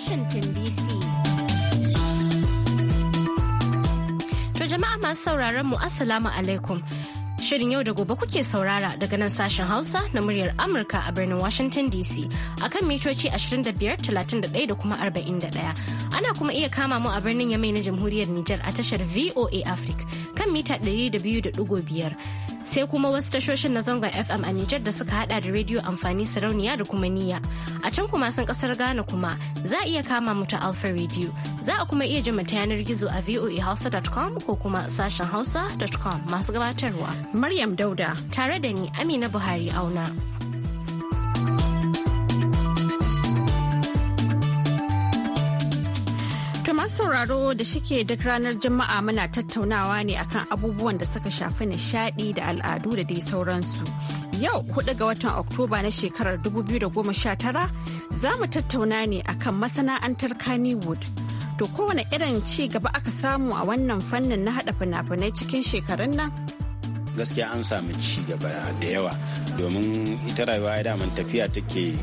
Washington DC. To jama'a masu sauraron mu Assalamu alaikum. Shirin yau da gobe kuke saurara daga nan sashen Hausa na muryar Amurka a birnin Washington DC akan mitoci 25, 31 da kuma 41. Ana kuma iya kama mu a birnin Yamai na Jamhuriyar Nijar a tashar VOA Africa kan mita 200.5. sai kuma wasu tashoshin na zangon FM a Nijar da suka hada da rediyo amfani sarauniya da kuma niyya. A can kuma sun kasar Ghana kuma za a iya kama mu ta Alpha Radio. Za a kuma iya jima ta yanar gizo a voahausa.com ko kuma sashen hausa.com masu gabatarwa. Maryam Dauda. Tare da ni Amina Buhari auna. masu sauraro da shike duk ranar Juma'a muna tattaunawa ne akan abubuwan da suka shafi nishadi da al'adu da dai sauransu. Yau kuɗi ga watan Oktoba na shekarar 2019 za mu tattauna ne akan masana'antar Kannywood. To kowane irin ci gaba aka samu a wannan fannin na haɗa fina-finai cikin shekarun nan? Gaskiya an samu ci gaba da yawa domin ita rayuwa ya daman tafiya take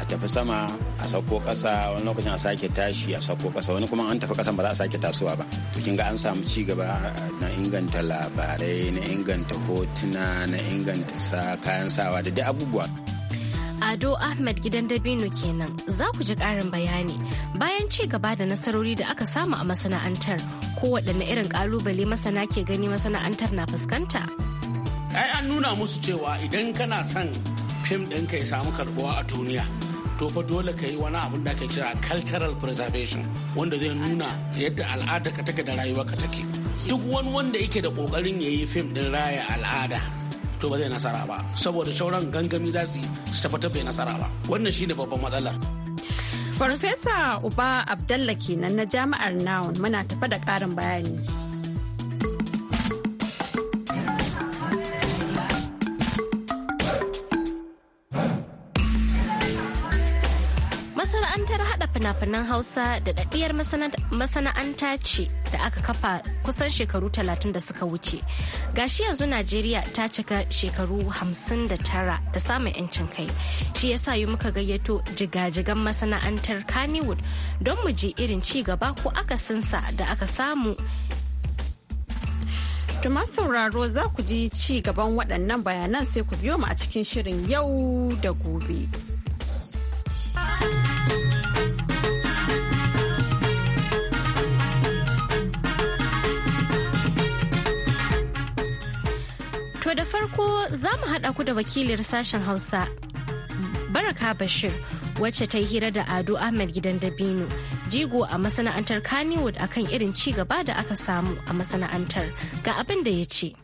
a tafi sama a sauko ƙasa wani lokacin a sake tashi a sauko ƙasa wani kuma an tafi kasan ba za a sake tasowa ba to kin ga an samu ci gaba na inganta labarai na inganta hotuna na inganta sa kayan sawa da dai abubuwa Ado Ahmed gidan Dabino kenan za ku ji ƙarin bayani bayan ci gaba da nasarori da aka samu a masana'antar ko kowaɗanne irin ƙalubale masana ke gani masana'antar na fuskanta. Ai an nuna musu cewa idan kana son fim ɗinka ya samu karbuwa a duniya to fa dole ka yi wani abin da ake kira cultural preservation wanda zai nuna yadda al'ada ka take da rayuwarka take duk wani wanda yake da kokarin ya yi fim din raya al'ada to ba zai nasara ba saboda sauran gangami za su tafi bai nasara ba wannan shine babban matsalar farfesa uba abdalla kenan na jami'ar nawon muna tafa da karin bayani fina-finan Hausa da masana'anta ce da aka kafa kusan shekaru talatin da suka wuce. Gashi yanzu Najeriya ta cika shekaru hamsin da tara samun 'yancin kai. Shi yasa yi muka gayyato jigajigan masana'antar Kannywood don mu ji irin ci gaba ko sinsa da aka samu Tuma sauraro za ku ji ci gaban waɗannan bayanan sai ku biyo mu a cikin shirin yau da gobe. da farko za mu haɗa ku da wakilin sashen Hausa Baraka Bashir wacce ta yi hira da Ado Ahmed Gidan Dabino jigo a masana'antar Kannywood akan irin ci gaba da aka samu a masana'antar ga abin da ya ce.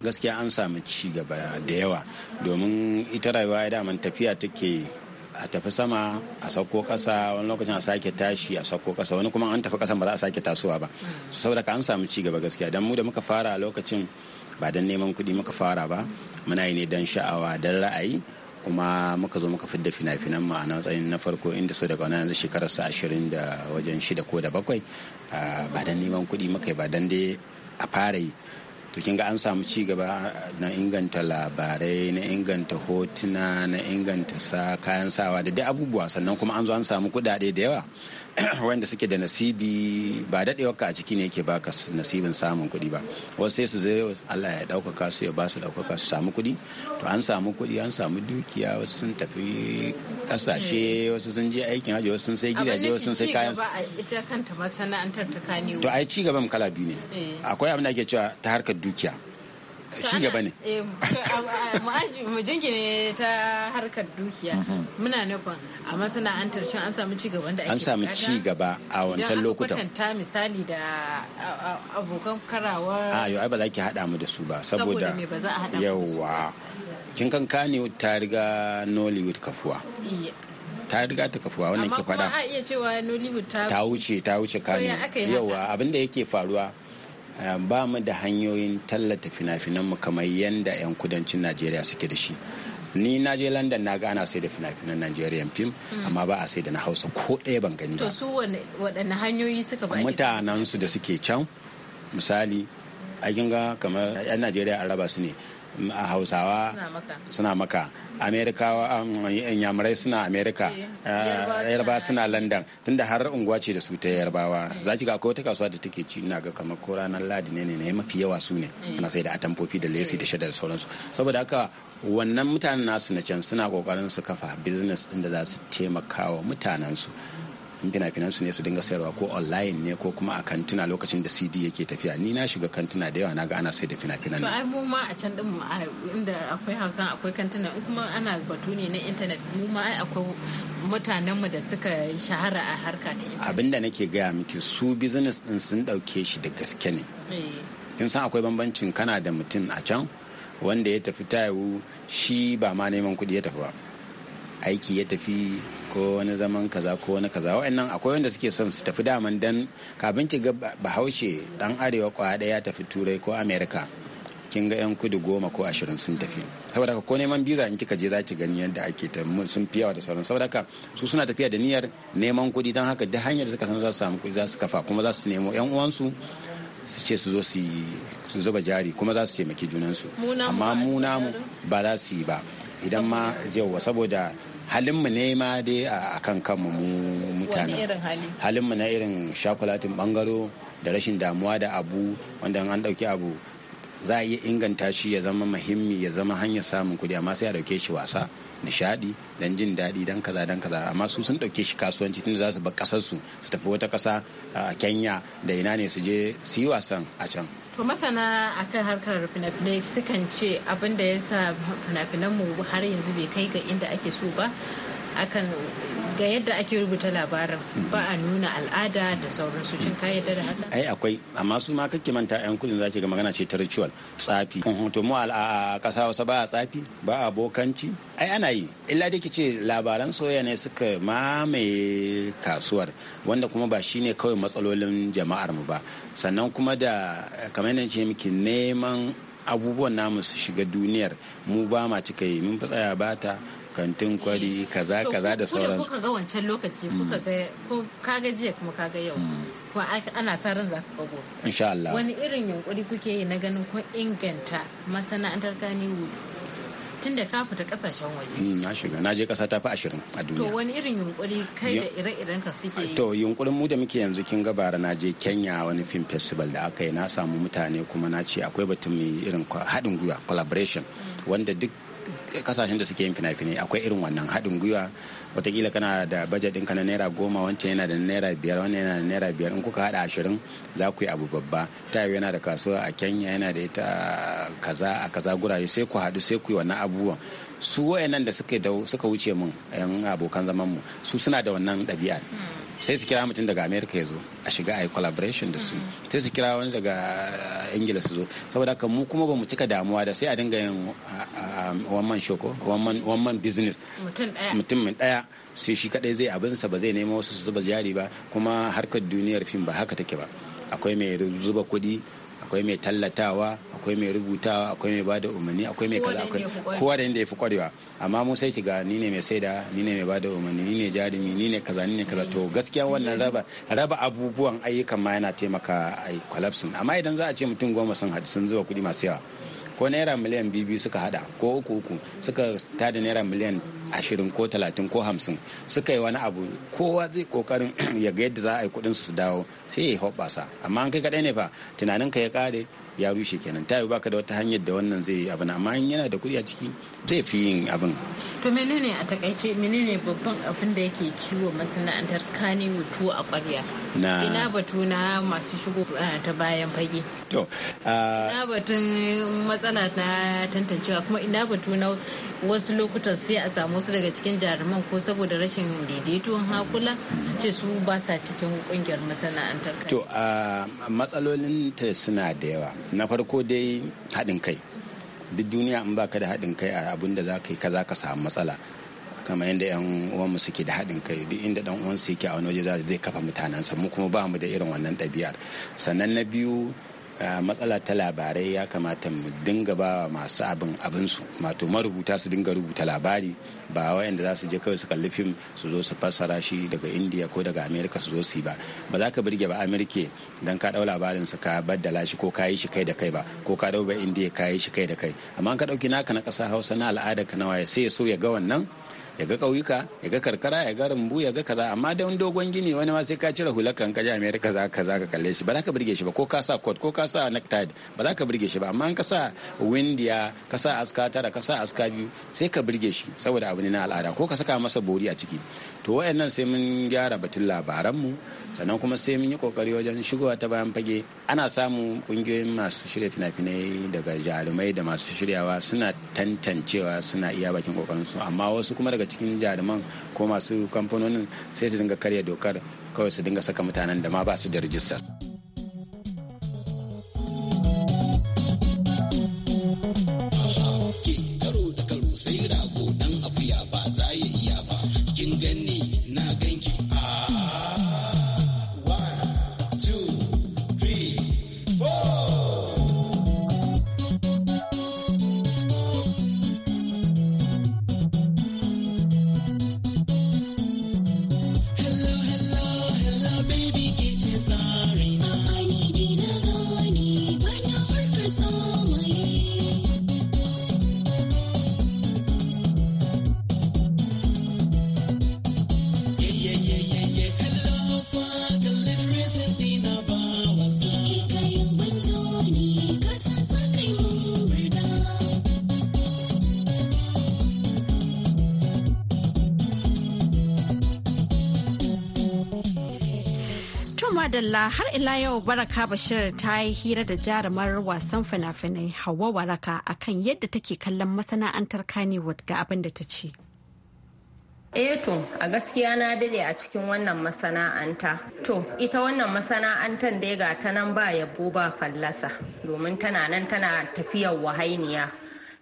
Gaskiya an samu ci gaba da yawa domin ita rayuwa ya daman tafiya take a tafi sama a sauko kasa wani lokacin a sake tashi a sauko kasa wani kuma an tafi kasan ba za a sake tasowa ba saboda ka an samu ci gaba gaskiya don mu da muka fara lokacin ba don neman kuɗi muka fara ba muna yi ne don sha'awa don ra'ayi kuma muka zo muka da fina-finan ma a matsayin na farko inda so daga yanzu shekarar sa ashirin da wajen shida ko da bakwai ba don neman kuɗi muka yi ba don dai a fara yi to kin ga an samu ci gaba na inganta labarai na inganta hotuna na inganta sa kayan sawa da dai abubuwa sannan kuma an zo an samu kuɗaɗe da yawa wanda suke da nasibi ba daɗewar ka a ciki ne yake baka nasibin samun kuɗi ba wasu sai su zai Allah ya ɗaukaka su ya ba su ɗaukaka su samu kuɗi to an samu kuɗi an samu dukiya wasu sun tafi ƙasashe wasu sun je aikin hajji wasu sun sai gidaje wasu sun sai kayan su ita kanta masana'antar ta kani to ai ci gaban kala biyu ne eh. akwai abin da ake cewa ta harkar dukiya shi gaba ne eh, mu jingine ta harkar dukiya mm-hmm. muna nufin a masana'antar shi an samu ci gaban da ake an samu ci gaba a wancan lokutan idan ta misali da abokan karawa a yau ai ba za ki hada mu da su ba saboda me ba za a hada yawa kin kan kane ta riga Nollywood kafuwa ta riga ta kafuwa wannan ki faɗa amma kuma a iya cewa Nollywood ta wuce ta wuce kane yauwa abinda yake faruwa ba mu da hanyoyin tallata fina finan mu kamar yadda 'yan kudancin najeriya suke da shi ni na je london na ga ana sai da fina-finan nigerian film mm. amma ba a sai da na hausa ko ɗaya ban gani ba to su waɗanne hanyoyi suka ba su da suke can misali a ga 'yan najeriya an raba su ne hausawa suna maka amerikawa um, yamurai suna amerika eh, eh, yarba suna london tunda har unguwa ce da su ta yarbawa eh. za ki ga akwai wata kasuwa da take ci ina ga kamar ko ranar ladi ne ne mafi yawa su ne ana sai da atamfofi da lesi da shaidar sauransu saboda haka wannan mutanen nasu na can suna kokarin su kafa business din da za su taimaka wa mutanensu su in fina ne su dinga sayarwa ko online ne ko kuma a kantuna lokacin da cd yake tafiya ni na shiga kantuna da yawa na ga ana sai da fina to ai mu ma a can din inda akwai hausa akwai kantuna in kuma ana batu ne na intanet mu ma ai akwai mutanenmu da suka shahara a harka ta internet abinda nake gaya miki su business din sun dauke shi da gaske ne eh. kin san akwai bambancin kana da mutum a can wanda ya tafi tayawu shi ba ma neman kuɗi ya tafi ba aiki ya tafi ko wani zaman kaza ko wani kaza wa'annan akwai wanda suke son su tafi daman dan kafin ki ga bahaushe dan arewa kwaya daya tafi turai ko america kin ga yan kudu goma ko ashirin sun tafi saboda ko neman biza in kika je za ki gani yadda ake ta sun fi yawa sauran saboda ka su suna tafiya da niyyar neman kudi don haka da hanyar da suka san za su samu kudi za su kafa kuma za su nemo yan uwansu su ce su zo su zuba jari kuma za su taimaki junansu amma mu namu ba za su yi ba idan ma yauwa saboda halin mu ne ma dai a kan kanmu mu mutane halinmu na irin shakulatin bangaro da rashin damuwa da abu wanda an ɗauki abu za a iya inganta shi ya zama muhimmi ya zama hanyar samun kudi amma sai a dauke shi wasa nishadi dan jin daɗi dan kaza dan kaza amma su sun dauke shi kasuwanci tun za su bar kasar su su tafi wata kasa a Kenya da ina ne su je su yi wasan a can to masana akan harkar fina-finai sukan ce abin da ya sa fina mu har yanzu bai kai ga inda ake so ba akan ga yadda ake rubuta labarin ba a nuna al'ada da sauransu shin ka da haka ai akwai amma su ma kake manta yan kudin zaki ga magana ce ta ritual tsafi to mu a kasa wasa ba a tsafi ba a bokanci ai ana yi illa ke ce labaran soyayya ne suka mamaye kasuwar wanda kuma ba shine kawai matsalolin jama'ar mu ba sannan kuma da kamar yadda ce miki neman abubuwan namu su shiga duniyar mu ba ma cika yi mun tsaya bata kantin kwari kaza kaza da sauran kuka ga wancan lokaci mm. kuka ga ko ka ga jiya kuma ka ga yau mm. ko ana sa ran za ka gobe insha Allah wani irin yunkuri kuke yi na ganin kun inganta masana'antar gani tun da ka fita kasashen waje. Mm, na shiga, na je kasa ta fi ashirin a duniya. To wani irin yunkuri kai da ire-iren ka suke yi? To yunkurin mu da muke yanzu kin gabara na je Kenya wani film festival da aka yi na samu mutane kuma na ce akwai batun mai irin haɗin gwiwa collaboration wanda duk kasashen da suke yin fina-finai akwai irin wannan haɗin gwiwa watakila kana da bajet ɗinka na naira goma wancan yana da naira biyar wannan yana da naira biyar in kuka haɗa ashirin za ku yi abu babba ta yiwu yana da kasuwa a kenya yana da ita kaza a kaza gurare sai ku haɗu sai ku yi wannan abubuwan su wayannan da suka wuce mun yan abokan zaman mu su suna da wannan ɗabi'ar sai su kira mutum daga Amerika ya zo a shiga a yi collaboration da su mm. sai su kira wani daga eh, ingila su zo saboda haka mu kuma ba mu cika damuwa da sai a dinga yin wannan ah, ah, shoko wannan business mutum mai daya sai shi kadai zai abinsa ba zai nemo wasu su zuba jari ba kuma harkar duniyar fim ba haka take ba akwai mai zuba kuɗi akwai mai tallatawa akwai mai rubutawa akwai mai bada umarni akwai mai kaza akwai kowa da inda ya fi kwarewa amma mu sai kiga ni ne mai saida ni ne mai bada umarni ni ne jarumi ni ne kaza ni ne kaza to gaskiya wannan raba raba abubuwan ayyukan ma yana taimaka a collapsing amma idan za a ce mutum goma sun haɗu sun zuba kuɗi masu yawa ko naira miliyan biyu suka hada ko uku uku suka tada naira miliyan ashirin ko talatin ko hamsin suka yi wani abu kowa zai kokarin ya ga yadda za a yi kuɗin su dawo sai ya yi hoɓasa amma an kai kaɗai ne fa tunanin ka ya kare ya rushe kenan ta baka da wata hanyar da wannan zai abu na amma yana da kuɗi a ciki zai fi yin abin to menene a takaice menene babban abin da yake ciwo masana'antar kane mutu a kwarya na ina batu na masu shigo eh, ta bayan fage to ah, ina batun matsala na tantancewa kuma ina batu na wasu lokutan sai a samu su daga cikin jaruman ko saboda rashin daidaito hakula su ce su ba sa cikin kungiyar masana'antar to ah, matsalolin ta suna da yawa na farko dai haɗin kai duk duniya in baka da haɗin kai a abin da za ka yi ka za ka samu matsala kamar yadda yan uwanmu suke da haɗin kai duk inda dan uwan su yake a wani waje zai kafa mutanensa mu kuma ba mu da irin wannan ɗabi'ar sannan na biyu matsala ta labarai ya kamata mu dinga ba masu abin abinsu wato marubuta su dinga rubuta labari ba da za su je kawai su kalli fim su zo su fassara shi daga indiya ko daga amerika su zo su yi ba ba za ka birge ba amerika dan ka ɗau labarin su ka baddala shi ko ka yi shi kai da kai ba ko ka dau ba indiya ka yi shi kai da kai amma ka ɗauki naka na kasa hausa na al'ada ka na waye sai ya so ya ga wannan ya ga ƙauyuka ya ga karkara ya ga rumbu ya ga kaza amma don dogon gini wani ma sai ka cire hulakan ka ji america ka za ka kalle shi ba za ka burge shi ba ko ka sa coat ko ka sa necktie ba za ka burge shi ba amma in ka sa windiya ka sa aska tara ka sa aska biyu sai ka birge shi saboda abu ne na al'ada ko ka saka masa bori a ciki to wayannan sai mun gyara batun labaran mu sannan kuma sai mun yi kokari wajen shigowa ta bayan fage ana samun kungiyoyin masu shirya fina-finai daga jarumai da masu shiryawa suna tantancewa suna iya bakin kokarinsu amma wasu kuma daga cikin jaruman ko masu kamfanonin sai su dinga karya dokar kawai su dinga saka mutanen da ma ba su da rijistar. Abdullah har ila yau baraka bashir ta yi hira da jarumar wasan fina-finai hawa waraka akan yadda take kallon masana'antar kanewood ga abin da ta ce eto eh a gaskiya na dade a cikin wannan masana'anta. To ita wannan masana'antar dai ga ta nan ba yabo ba fallasa domin tana nan tana tafiyar wahainiya.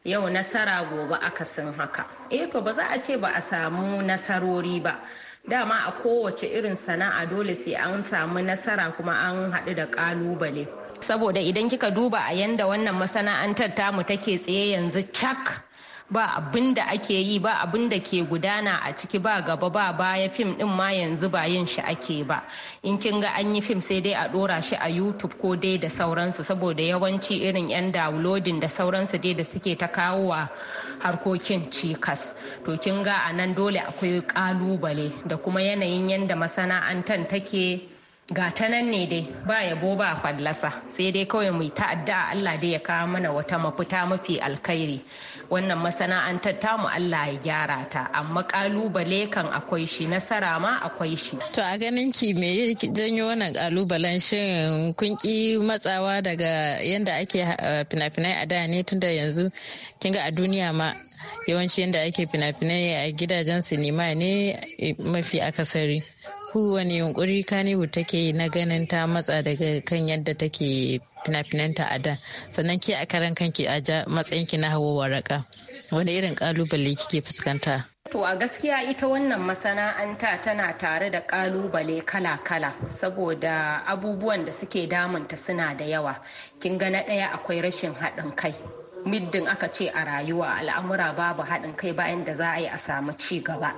Yau nasara gobe akasin haka. Eh to ba za a ce ba a samu nasarori ba. dama a kowace irin sana'a dole sai an samu nasara kuma an haɗu da ƙalubale saboda idan kika duba a yanda wannan masana'antar tamu take tsaye yanzu cak ba abin da ake yi ba abin da ke gudana a ciki ba gaba ba baya fim din ma yanzu ba yin shi ake ba in kin ga an yi fim sai dai a dora shi a youtube ko dai da sauransu saboda yawanci irin yan downloading da sauransu dai da suke ta kawo wa harkokin cikas to kin ga a nan dole akwai kalubale da kuma yanayin yadda masana'antar take ga ta nan ne dai ba yabo ba fallasa sai dai kawai mu ta'adda Allah dai ya kawo mana wata mafita mafi alkhairi wannan masana'antar tamu Allah ya gyara ta amma kalubale kan akwai shi nasara ma akwai shi to a ganin ki me janyo wannan kalubalen shin kun ki matsawa daga yanda ake eh, fina-finai a da ne tunda yanzu kin ga a duniya ma yawanci yanda ake fina-finai a gidajen sinima ne eh, mafi akasari kowane yunkuri kanibu take na ganin ta matsa daga kan yadda take fina-finanta a da sannan ke a karan kanki a matsayinki na hawa waraka wani irin kalubale kike fuskanta To a gaskiya ita wannan masana'anta tana tare da kalubale kala-kala saboda abubuwan da suke damunta suna da yawa. Kin ga na ɗaya akwai rashin haɗin kai. Middin aka ce a rayuwa al'amura babu haɗin kai bayan da za a yi a samu ci gaba.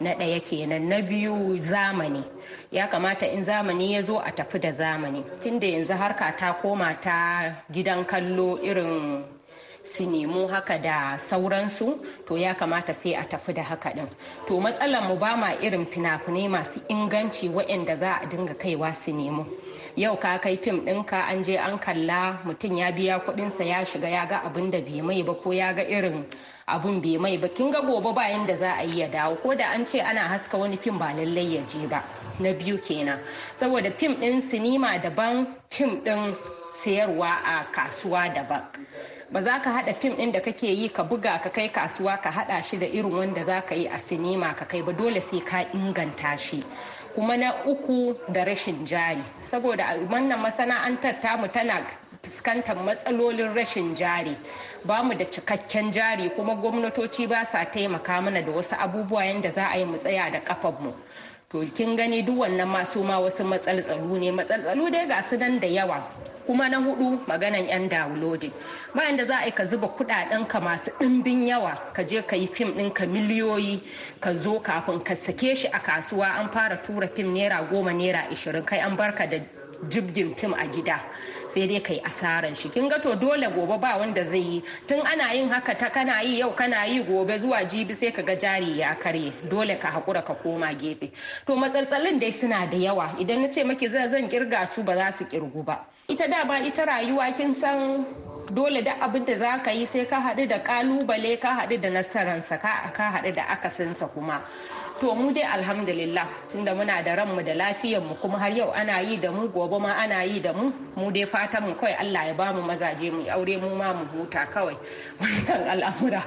na ɗaya kenan na biyu zamani ya kamata in zamani ya zo a tafi da zamani tunda yanzu harka ta koma ta gidan kallo irin su nemo haka da sauransu to ya kamata sai a tafi da haka din to matsalar mu ba ma irin fina-finai masu inganci waɗanda za a dinga kaiwa su nemo yau ka kai fim ɗinka an je an kalla mutum ya biya kuɗinsa ya shiga ya ga abin da bai mai ba ko ya ga irin abun bai mai ba kin ga gobe ba yanda za a yi ya dawo ko da an ce ana haska wani fim ba lallai ya je ba na biyu kenan saboda fim ɗin sinima daban fim ɗin sayarwa a kasuwa daban ba za ka haɗa fim ɗin da kake yi ka buga ka kai kasuwa ka haɗa shi da irin wanda za ka yi a sinima ka kai ba dole sai ka inganta shi kuma na uku da rashin jari saboda wannan masana'antar tamu tana fuskantar matsalolin rashin jari ba mu da cikakken jari kuma gwamnatoci ba sa taimaka mana da wasu abubuwa yadda za a yi mu tsaya da mu to kin gani duk wannan masu ma wasu matsaltsalu ne matsaltsalu dai ga su nan da yawa kuma na hudu maganan yan downloading bayan da za a yi ka zuba kudaden ka masu dimbin yawa ka je ka yi fim din ka miliyoyi ka zo kafin ka sake shi a kasuwa an fara tura fim naira goma naira ishirin kai an barka da jibgin tim a gida sai dai kai asaran shi kin ga to dole gobe ba wanda zai yi tun ana yin haka ta kana yi yau kana yi gobe zuwa jibi sai ka ga jari ya karye dole ka hakura ka koma gefe to matsaltsalin dai suna da yawa idan na ce maki zan kirga su ba za su kirgu ba ita da dama ita rayuwa kin san dole da abin da za ka yi sai ka haɗu da ƙalubale ka haɗu da nasaransa ka haɗu da akasinsa kuma to mu dai alhamdulillah tunda muna da ranmu da lafiyar mu kuma har yau ana yi da mu gobe ma ana yi da mu mu dai fatan mu kawai Allah ya bamu mazaje mu aure mu ma mu huta kawai wannan al'amura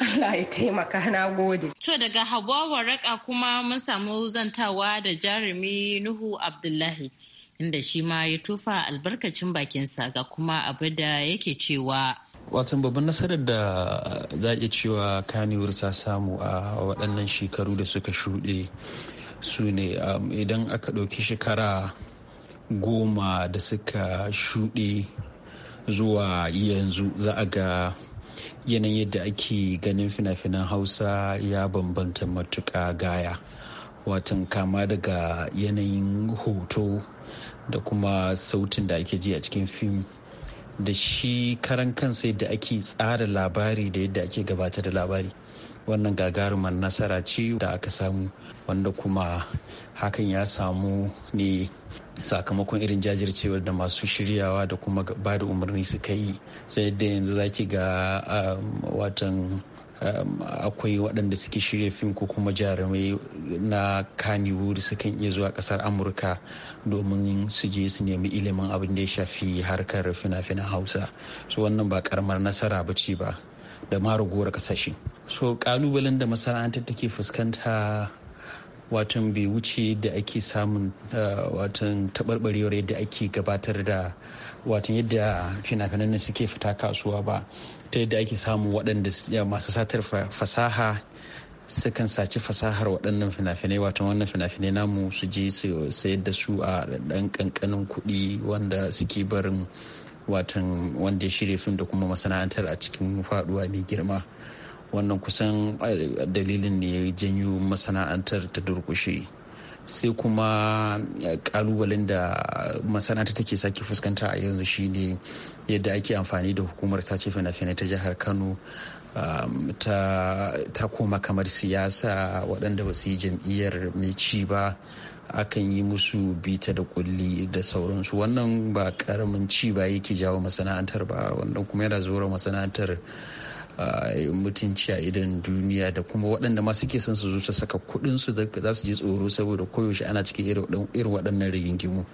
Allah ya taimaka na gode. To daga Hauwa waraka kuma mun samu zantawa da jarumi Nuhu Abdullahi inda shi ma ya tufa albarkacin bakinsa ga kuma abu da yake cewa watan babban nasarar da za a iya cewa kaniwar ta samu a waɗannan shekaru da suka shuɗe su ne um, idan aka ɗauki shekara goma da suka shuɗe zuwa yanzu za a ga yanayin yadda ake ganin fina-finan hausa ya bambanta matuka gaya watan kama daga yanayin hoto da kuma sautin da ake ji a cikin fim da shi karan kansa yadda ake tsara labari da yadda ake gabatar da labari wannan gagarumar nasara ce da aka samu wanda kuma hakan ya samu ne sakamakon irin jajircewar da masu shiryawa da kuma ba da umarni suka yi da yadda yanzu zaki ga ah, watan Um, akwai waɗanda suke shirya fim ko kuma jarumai na kaniwood sukan iya zuwa ƙasar amurka domin su je su nemi ilimin abin da ya shafi harkar fina-finan hausa su wannan ba karamar nasara ba ce ba da ma ragowar ƙasashe so ƙalubalen da masana'antar take fuskanta watan bai wuce da ake samun eh, watan taɓarɓarewar yadda ake gabatar da watan yadda fina-finan nan suke fita kasuwa ba ta yadda ake samun waɗanda masu satar fasaha sukan saci fasahar waɗannan fina-finai watan wannan fina-finai namu su je su sayar da su a ɗan ƙanƙanin kuɗi wanda suke barin watan wanda ya shirya fim da kuma masana'antar a cikin faɗuwa mai girma wannan kusan dalilin ne ya janyo masana'antar ta durkushe sai kuma kalubalen da masana'anta take sake fuskanta a yanzu shine yadda ake amfani da hukumar ta ce fina-finai ta jihar kano um, ta koma kamar siyasa waɗanda ba su yi jam'iyyar mai ci ba akan yi musu bita da kulli da sauransu wannan ba karamin ci ba yake jawo masana'antar ba wannan kuma yana zuwa masana'antar mutunci a idan duniya da kuma waɗanda ma suke son su zo su saka kuɗin su za su ji tsoro saboda koyaushe ana cikin irin waɗannan rigingimu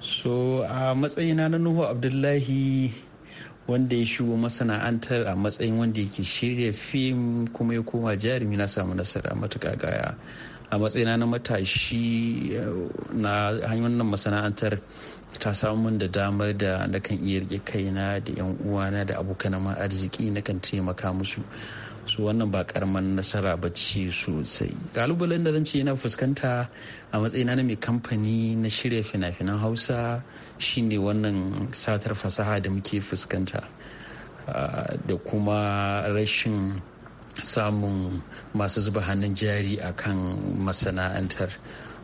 so a matsayina na nuhu abdullahi wanda ya shigo masana'antar a matsayin wanda yake shirya fim kuma ya koma jarumi na samu nasara matuƙa gaya a matsayina na matashi eh, na hanyar masana'antar ta samu da damar da na kan iya rike kaina da 'yan uwana da abokan ma arziki na kan taimaka musu su wannan ba karaman nasara ba ce sosai kalubalen da zan ce yana fuskanta a matsayina na mai kamfani na shirya fina-finan hausa shine wannan satar fasaha da muke fuskanta ah, da kuma rashin samun masu zuba hannun jari a kan masana'antar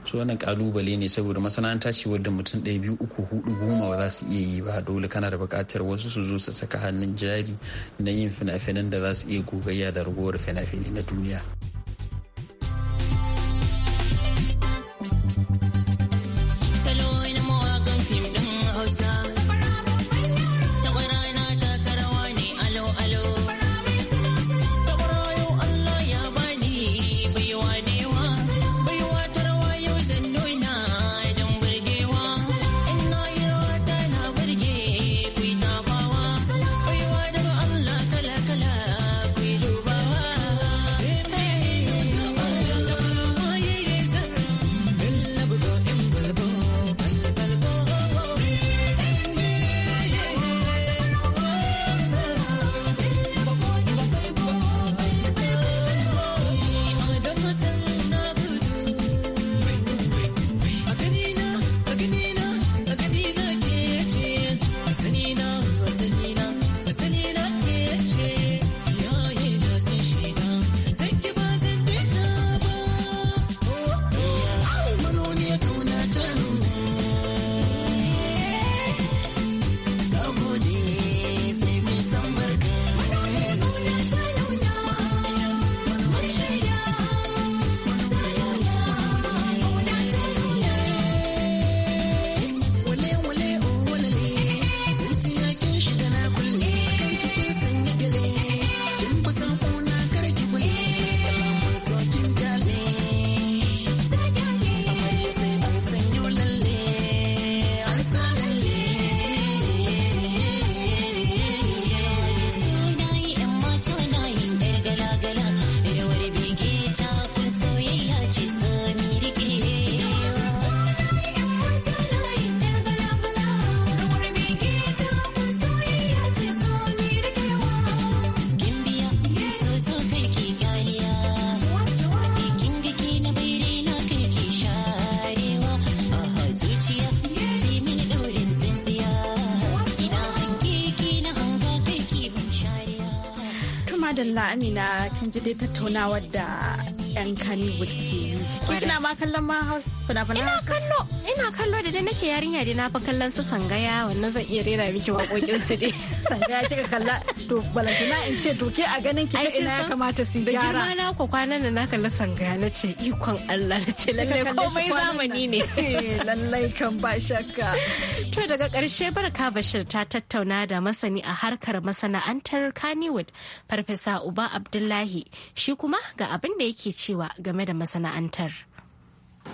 su wannan kalubale ne saboda masana'anta ce wadda mutum ɗaya biyu uku hudu goma ba za su iya yi ba dole kana da buƙatar wasu su zo su saka hannun jari na yin fina-finan da za su iya gogayya da ragowar fina-finai na duniya amina kin ji dai tattaunawar da yan kani ke yi kina ma kallon ma house fina ina kallo ina kallo da dai nake yarinya dai na fa kallon su sangaya wannan zan iya rera miki waƙoƙin su dai sangaya kika kalla to balantana in ce to a ganin ki ina ya kamata su gyara da girma na ku kwanan nan na kalla sanga na ce ikon Allah na ce lalle komai zamani ne eh, lallai kan ba shakka to daga karshe barka bashir ta tattauna da masani a harkar masana'antar Kannywood farfesa Uba Abdullahi shi kuma ga abin da yake cewa game da masana'antar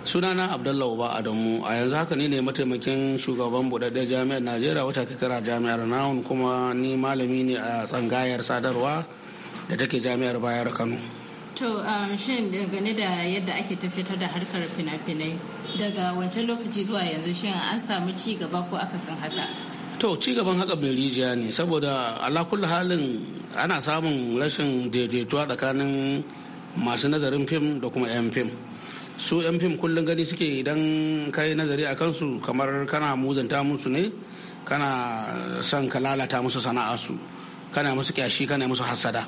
sunana abdullahi uba adamu a yanzu haka ni ne mataimakin shugaban buɗaɗɗen jami'ar najeriya wata kakara jami'ar nawon kuma ni malami ne a tsangayar sadarwa da take jami'ar bayar kano to um, shin dangane da yadda ake tafiyar da harkar fina-finai daga wancan lokaci zuwa yanzu shin an samu ci gaba ko akasin haka to ci gaban haka mai rijiya ne saboda alakul halin ana samun rashin daidaituwa tsakanin masu nazarin fim da kuma 'yan fim su 'yan fim kullum gani suke idan ka yi nazari a kansu kamar kana muzanta musu ne kana son ka lalata musu sana'arsu kana musu kyashi kana musu hasada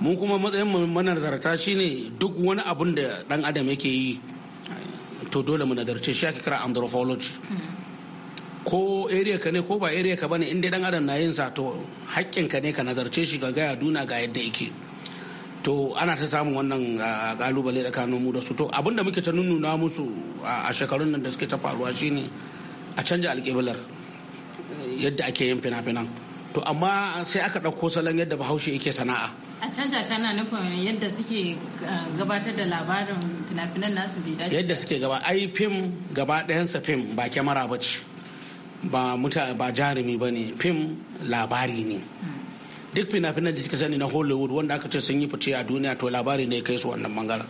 mu kuma matsayin manazarta shi ne duk wani abun da dan adam yake yi to dole mu nazarce shi ake kira anthropology ko area ka ne ko ba area ka bane in da dan adam na yin sa to hakkin ka ne ka nazarce shi ga gaya duna ga yadda yake to ana ta samun wannan ah, kalubale tsakanin mu da su to abin da muke ta nunnuna musu a shekarun nan da suke ta faruwa shine a canja alƙiblar eh, yadda ake yin fina-finan to amma sai aka ɗauko salon yadda bahaushe yake sana'a a canja kana nufin yadda suke ah, gabatar da labarin fina-finan nasu bai dace yadda suke gaba ai fim gaba ɗayansa fim ba kyamara ba ce ba muta ba jarumi ba ne fim labari ne hmm. duk fina-finan da kika sani na hollywood wanda aka ce sun yi fice a duniya to labari ne kai su wannan bangare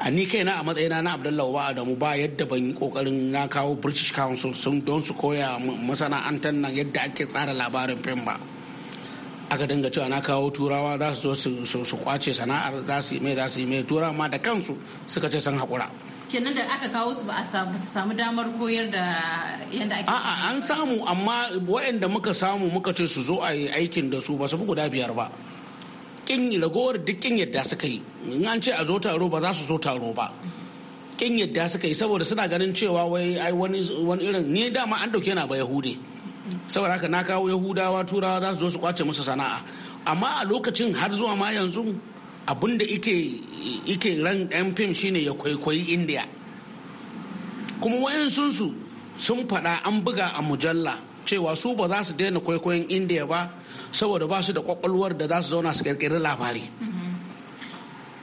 a ni kaina a matsayina na abdullahi ba adamu ba yadda ban yi kokarin na kawo british council sun don su koya masana'antar nan yadda ake tsara labarin fim ba aka dinga cewa na kawo turawa za su zo su kwace sana'ar za su yi mai za su yi mai turawa ma da kansu suka ce sun haƙura kenan da aka kawo su ba a samu damar koyar da yadda ake a'a an samu amma waɗanda muka samu muka ce su zo a yi aikin da su ba su fi guda biyar ba kin ragowar duk kin yadda suka yi in an ce a zo taro ba za su zo taro ba kin yadda suka yi saboda suna ganin cewa wai ai wani wani irin ni dama an dauke na ba yahude saboda haka na kawo yahudawa turawa za su zo su kwace musu sana'a amma a lokacin har zuwa ma yanzu abin da ike ran ɗan fim shine ya kwaikwayi India kuma wayansunsu sun faɗa an buga a mujalla cewa su ba za su daina kwaikwayon India ba saboda ba su da kwakwalwar da za su zauna su kirkiri labari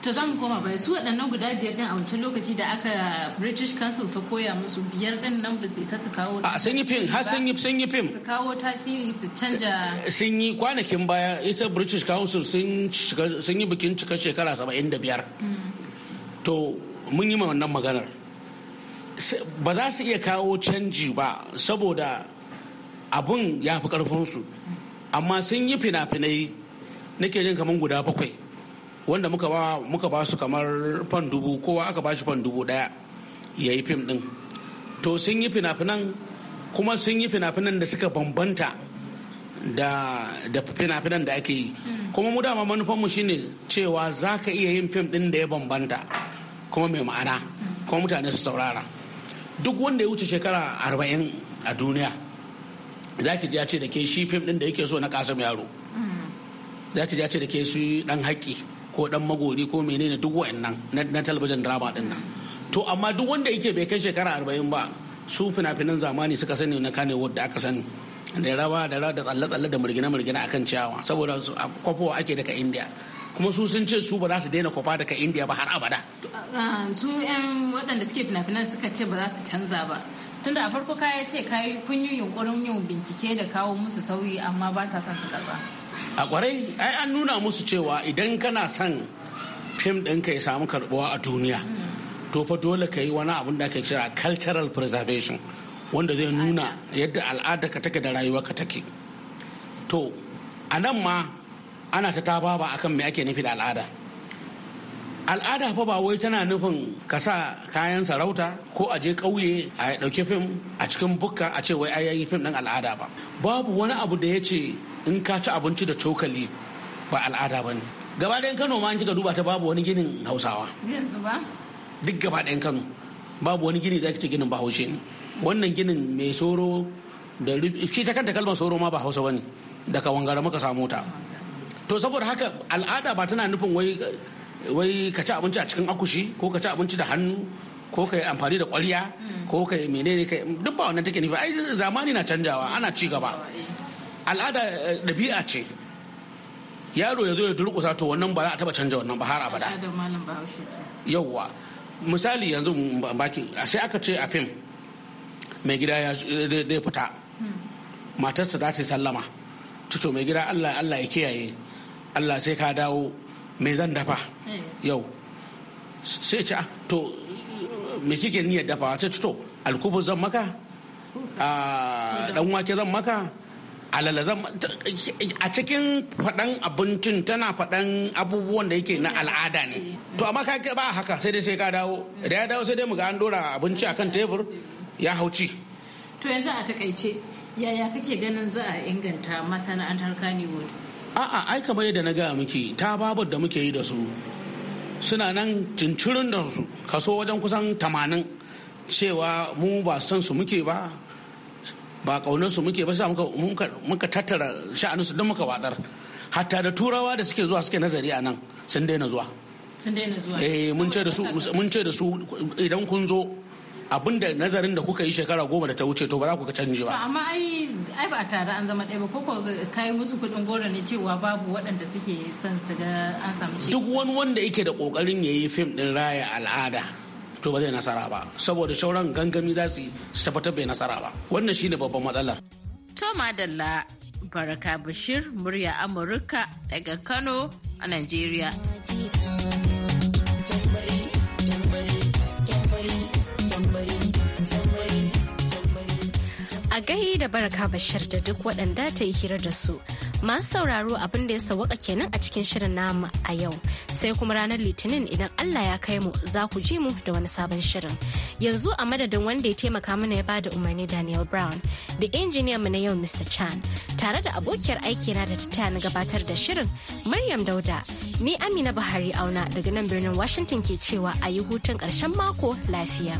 to zan koma bai su waɗannan guda biyar din a wancan lokaci da aka british council ta koya musu biyar din nan ba su isa su kawo a sun yi fim har sun yi sun yi fim su kawo tasiri su canja sun yi kwanakin baya ita british council sun yi bikin cika shekara saba'in da biyar mm. to mun yi ma wannan maganar ba za su iya kawo canji ba saboda abun ya fi su mm. amma sun yi fina-finai nake jin kamar guda bakwai wanda muka ba muka ba su kamar fan dubu kowa aka ba shi fan dubu daya ya yi fim din to sun yi fina-finan kuma sun yi fina-finan da suka bambanta da da fina-finan da ake yi hmm. kuma mu dama manufanmu shine cewa za ka iya yin fim din da ya bambanta kuma mai ma'ana kuma mutane su saurara duk wanda ya wuce shekara arba'in a duniya za ki ya ce da ke shi fim din da yake so na kasam yaro hmm. za ki ya ce da ke su dan haƙƙi ko dan magori ko menene duk wayannan na talabijin drama din nan to amma duk wanda yake bai kai shekara arba'in ba su fina-finan zamani suka sani na kane wood da aka sani da rawa da rawa da tsalle-tsalle da murgina-murgina akan ciyawa saboda kwafowa ake daga india kuma su sun ce su ba za su daina kwafa daga india ba har abada ah, su yan waɗanda suke fina-finan suka ce ba za su canza ba tunda a farko kaya ce kayi kun yi yunkurin yin bincike da kawo musu sauyi amma ba sa son su karba a kwarai ai an nuna musu cewa idan kana son fim ɗinka ya samu karbuwa a duniya to fa dole ka yi wani abin da ake kira cultural preservation wanda zai nuna yadda al'ada ka take da rayuwa ka take to a nan ma ana ta taba baba akan me ake nufi da al'ada al'ada fa ba wai tana nufin ka sa kayan sarauta ko a je ƙauye a ɗauki fim a cikin bukka a ce wai ai yi fim ɗin al'ada ba babu wani abu da ya ce in ka ci abinci da cokali ba al'ada ba ne gaba ɗayan kano ma an kika duba ta babu wani ginin hausawa yanzu ba duk gaba ɗayan kano babu wani gini zaki ce ginin bahaushe ne wannan ginin mai soro da ki ta kanta kalmar soro ma ba hausa bane daga wangara muka samu ta to saboda haka al'ada ba tana nufin wai wai ka ci abinci a cikin akushi ko ka ci abinci da hannu ko ka yi amfani da ƙwarya mm. ko ka yi menene ka duk ba wannan take nufi ai zamani na canjawa ana ci gaba al'ada eh, ɗabi'a ce yaro ya zo ya durƙusa to wannan ba za a taɓa canja wannan ba har abada yauwa misali yanzu mm, baki sai aka ce a fim mai gida ya eh, fita hmm. matarsa za ta sallama tuto mai gida allah allah ya kiyaye allah sai ka dawo mai zan dafa eh. yau sai ce ah, to me kike niyyar dafa, ta tuto alkubu zan maka a ah, dan wake zan maka alala a cikin faɗan abincin tana faɗan abubuwan da yake na al'ada ne to amma ka ba haka sai dai sai ka dawo da ya dawo sai dai mu an dora abinci akan tebur ya hauci to yanzu a takaice yaya kake ganin za a inganta masana'antar Kannywood? a'a ai kamar yadda na gaya miki ta babu da muke yi da su suna nan cincirin da su kaso wajen kusan tamanin cewa mu ba san su muke ba ba kaunarsu muke ba sa muka tattara sha'aninsu don muka watsar hatta da turawa da suke zuwa suke nazari a nan sun daina zuwa Sun eh, mun ce da su mun ce da su idan kun zo abin da nazarin da kuka yi shekara goma da ta wuce to ba za ku ka canje ba amma ai ai ba tare an zama ɗaya ba ko kai musu kuɗin goro ne cewa babu waɗanda suke son su ga an samu shi duk wani wanda yake da kokarin yayi fim din raya al'ada to ba zai nasara ba saboda shauran gangami za su tabbatar bai nasara ba wannan shine babban matsalar to madalla baraka bashir murya amurka daga kano a nigeria a gai da baraka bashir da duk waɗanda ta yi hira da su Masu sauraro abin da ya sawaka kenan a cikin shirin namu a yau. Sai kuma ranar Litinin idan Allah ya kai mu za ku ji mu da wani sabon shirin. Yanzu a madadin wanda ya taimaka mana ya bada umarni Daniel Brown da injiniyan mu na yau Mr. Chan tare da abokiyar aiki na da ta na gabatar da shirin Maryam Dauda ni Amina Buhari Auna daga nan birnin Washington ke cewa a yi hutun ƙarshen mako lafiya.